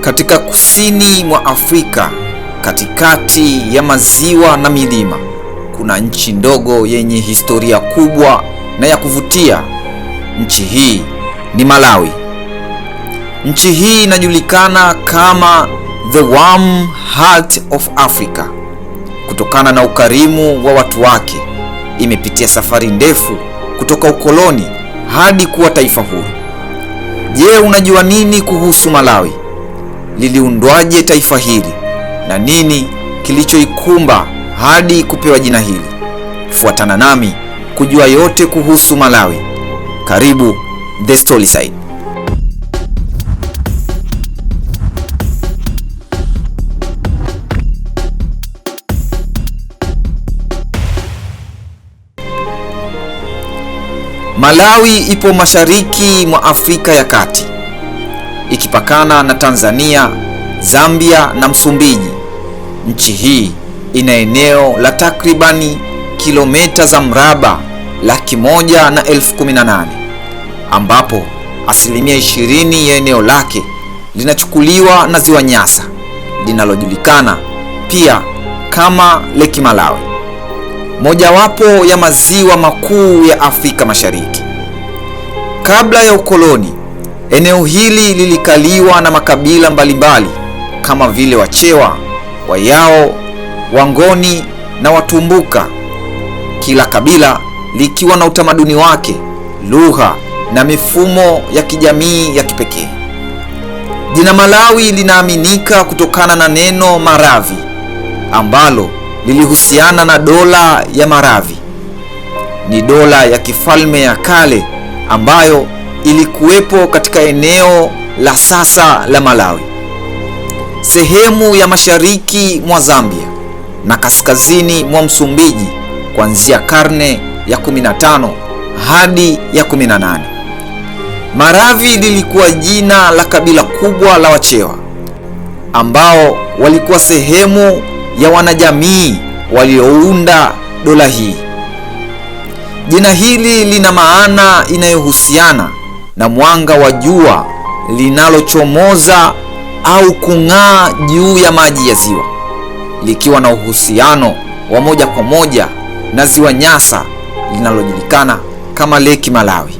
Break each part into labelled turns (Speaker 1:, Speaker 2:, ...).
Speaker 1: katika kusini mwa Afrika, katikati ya maziwa na milima, kuna nchi ndogo yenye historia kubwa na ya kuvutia. Nchi hii ni Malawi. Nchi hii inajulikana kama the warm heart of Africa kutokana na ukarimu wa watu wake. Imepitia safari ndefu kutoka ukoloni hadi kuwa taifa huru. Je, unajua nini kuhusu Malawi? liliundwaje taifa hili na nini kilichoikumba hadi kupewa jina hili. Fuatana nami kujua yote kuhusu Malawi. Karibu The Side. Malawi ipo mashariki mwa Afrika ya Kati ikipakana na Tanzania, Zambia na Msumbiji. Nchi hii ina eneo la takribani kilomita za mraba laki moja na elfu kumi na nane ambapo asilimia ishirini ya eneo lake linachukuliwa na ziwa Nyasa linalojulikana pia kama Lake Malawi, mojawapo ya maziwa makuu ya Afrika Mashariki. Kabla ya ukoloni, Eneo hili lilikaliwa na makabila mbalimbali kama vile Wachewa, Wayao, Wangoni na Watumbuka, kila kabila likiwa na utamaduni wake, lugha na mifumo ya kijamii ya kipekee. Jina Malawi linaaminika kutokana na neno Maravi ambalo lilihusiana na dola ya Maravi. Ni dola ya kifalme ya kale ambayo ilikuwepo katika eneo la sasa la Malawi, sehemu ya mashariki mwa Zambia na kaskazini mwa Msumbiji kuanzia karne ya 15 hadi ya 18. maravi lilikuwa jina la kabila kubwa la Wachewa ambao walikuwa sehemu ya wanajamii waliounda dola hii. Jina hili lina maana inayohusiana na mwanga wa jua linalochomoza au kung'aa juu ya maji ya ziwa, likiwa na uhusiano wa moja kwa moja na ziwa Nyasa linalojulikana kama Lake Malawi,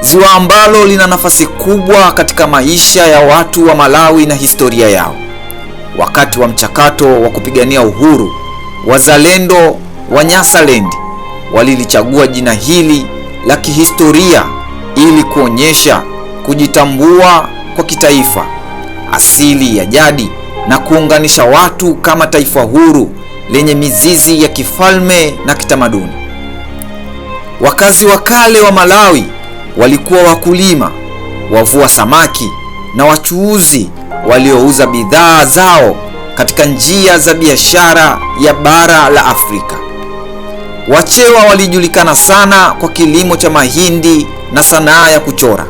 Speaker 1: ziwa ambalo lina nafasi kubwa katika maisha ya watu wa Malawi na historia yao. Wakati wa mchakato wa kupigania uhuru, wazalendo wa Nyasaland walilichagua jina hili la kihistoria ili kuonyesha kujitambua kwa kitaifa, asili ya jadi na kuunganisha watu kama taifa huru lenye mizizi ya kifalme na kitamaduni. Wakazi wa kale wa Malawi walikuwa wakulima, wavua samaki na wachuuzi waliouza bidhaa zao katika njia za biashara ya bara la Afrika. Wachewa walijulikana sana kwa kilimo cha mahindi na sanaa ya kuchora.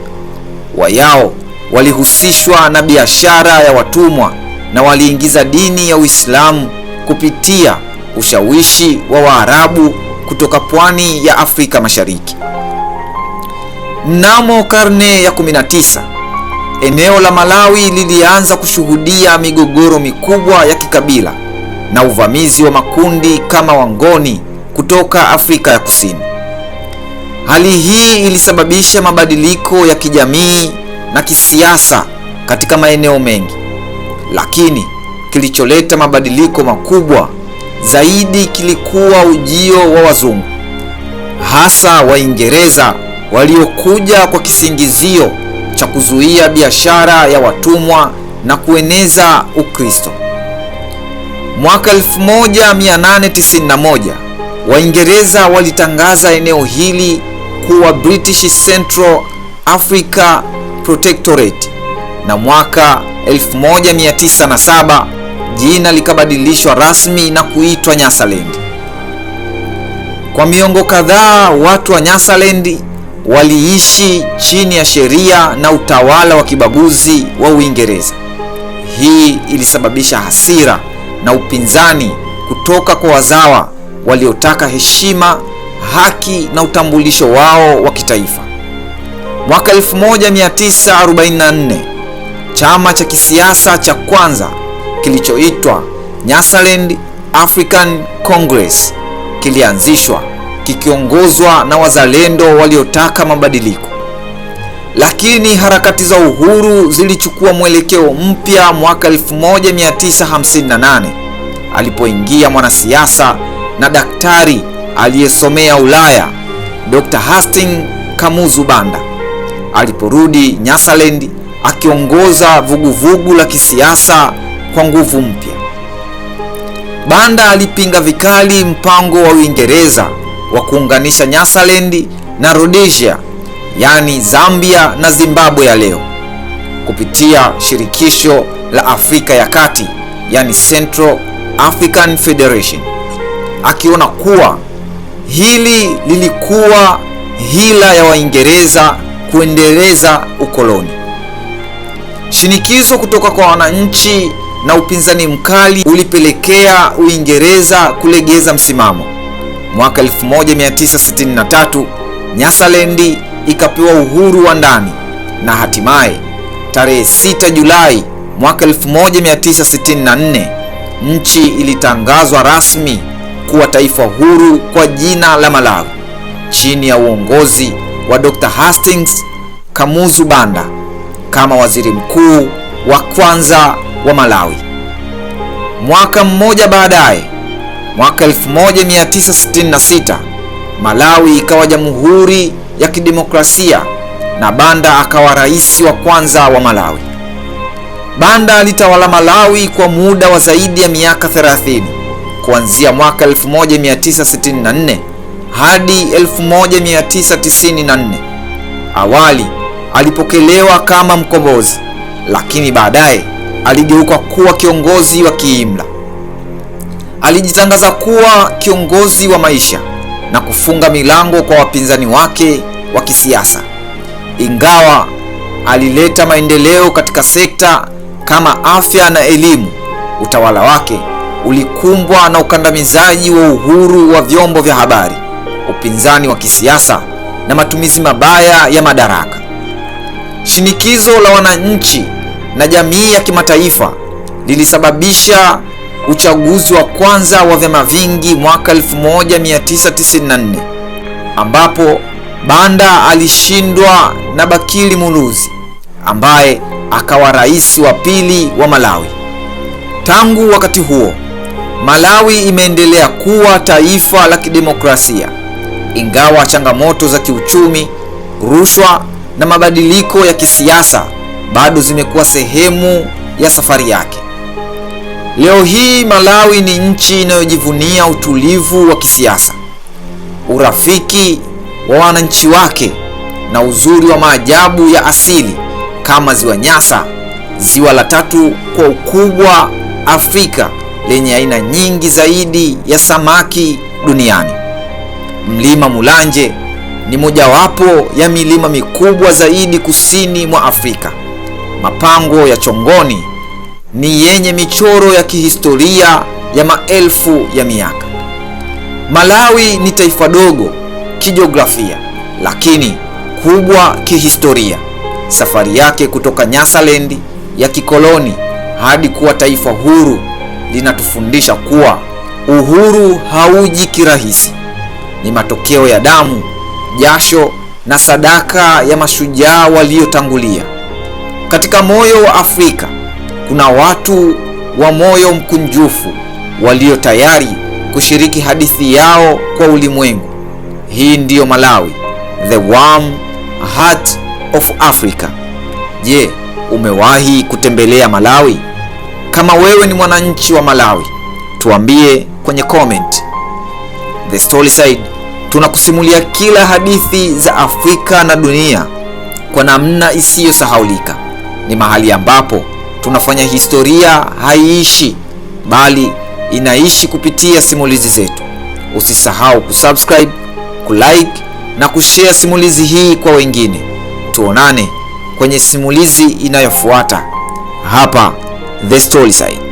Speaker 1: Wayao walihusishwa na biashara ya watumwa na waliingiza dini ya Uislamu kupitia ushawishi wa Waarabu kutoka pwani ya Afrika Mashariki. Mnamo karne ya 19 eneo la Malawi lilianza kushuhudia migogoro mikubwa ya kikabila na uvamizi wa makundi kama Wangoni kutoka Afrika ya Kusini. Hali hii ilisababisha mabadiliko ya kijamii na kisiasa katika maeneo mengi, lakini kilicholeta mabadiliko makubwa zaidi kilikuwa ujio wa wazungu, hasa Waingereza waliokuja kwa kisingizio cha kuzuia biashara ya watumwa na kueneza Ukristo. Mwaka 1891 Waingereza walitangaza eneo hili kuwa British Central Africa Protectorate na mwaka 1907 jina likabadilishwa rasmi na kuitwa Nyasaland. Kwa miongo kadhaa watu wa Nyasaland waliishi chini ya sheria na utawala wa kibaguzi wa Uingereza. Hii ilisababisha hasira na upinzani kutoka kwa wazawa waliotaka heshima haki na utambulisho wao wa kitaifa. Mwaka 1944 chama cha kisiasa cha kwanza kilichoitwa Nyasaland African Congress kilianzishwa kikiongozwa na wazalendo waliotaka mabadiliko, lakini harakati za uhuru zilichukua mwelekeo mpya mwaka 1958 alipoingia mwanasiasa na daktari aliyesomea Ulaya Dr. Hastings Kamuzu Banda aliporudi Nyasaland akiongoza vuguvugu la kisiasa kwa nguvu mpya. Banda alipinga vikali mpango wa Uingereza wa kuunganisha Nyasaland na Rhodesia, yaani Zambia na Zimbabwe ya leo kupitia shirikisho la Afrika ya Kati, yani Central African Federation, akiona kuwa Hili lilikuwa hila ya Waingereza kuendeleza ukoloni. Shinikizo kutoka kwa wananchi na upinzani mkali ulipelekea Uingereza kulegeza msimamo. Mwaka 1963 Nyasaland ikapewa uhuru wa ndani na hatimaye tarehe 6 Julai mwaka 1964 nchi ilitangazwa rasmi kuwa taifa huru kwa jina la Malawi chini ya uongozi wa Dr. Hastings Kamuzu Banda kama waziri mkuu wa kwanza wa Malawi. Mwaka mmoja baadaye, mwaka 1966, Malawi ikawa jamhuri ya kidemokrasia na Banda akawa rais wa kwanza wa Malawi. Banda alitawala Malawi kwa muda wa zaidi ya miaka 30 kuanzia mwaka 1964 hadi 1994. Awali alipokelewa kama mkombozi, lakini baadaye aligeuka kuwa kiongozi wa kiimla. Alijitangaza kuwa kiongozi wa maisha na kufunga milango kwa wapinzani wake wa kisiasa. Ingawa alileta maendeleo katika sekta kama afya na elimu, utawala wake ulikumbwa na ukandamizaji wa uhuru wa vyombo vya habari, upinzani wa kisiasa na matumizi mabaya ya madaraka. Shinikizo la wananchi na jamii ya kimataifa lilisababisha uchaguzi wa kwanza wa vyama vingi mwaka 1994 ambapo Banda alishindwa na Bakili Muluzi ambaye akawa rais wa pili wa Malawi. Tangu wakati huo Malawi imeendelea kuwa taifa la kidemokrasia ingawa changamoto za kiuchumi, rushwa na mabadiliko ya kisiasa bado zimekuwa sehemu ya safari yake. Leo hii Malawi ni nchi inayojivunia utulivu wa kisiasa, urafiki wa wananchi wake na uzuri wa maajabu ya asili kama Ziwa Nyasa, ziwa la tatu kwa ukubwa Afrika lenye aina nyingi zaidi ya samaki duniani. Mlima Mulanje ni mojawapo ya milima mikubwa zaidi kusini mwa Afrika. Mapango ya Chongoni ni yenye michoro ya kihistoria ya maelfu ya miaka. Malawi ni taifa dogo kijiografia, lakini kubwa kihistoria. Safari yake kutoka Nyasaland ya kikoloni hadi kuwa taifa huru linatufundisha kuwa uhuru hauji kirahisi, ni matokeo ya damu, jasho na sadaka ya mashujaa waliotangulia. Katika moyo wa Afrika kuna watu wa moyo mkunjufu walio tayari kushiriki hadithi yao kwa ulimwengu. Hii ndiyo Malawi, the warm heart of Africa. Je, umewahi kutembelea Malawi? Kama wewe ni mwananchi wa Malawi, tuambie kwenye comment. The Side tunakusimulia kila hadithi za Afrika na dunia kwa namna isiyosahaulika. Ni mahali ambapo tunafanya historia haiishi, bali inaishi kupitia simulizi zetu. Usisahau kusubscribe, kulike na kushare simulizi hii kwa wengine. Tuonane kwenye simulizi inayofuata hapa the story side.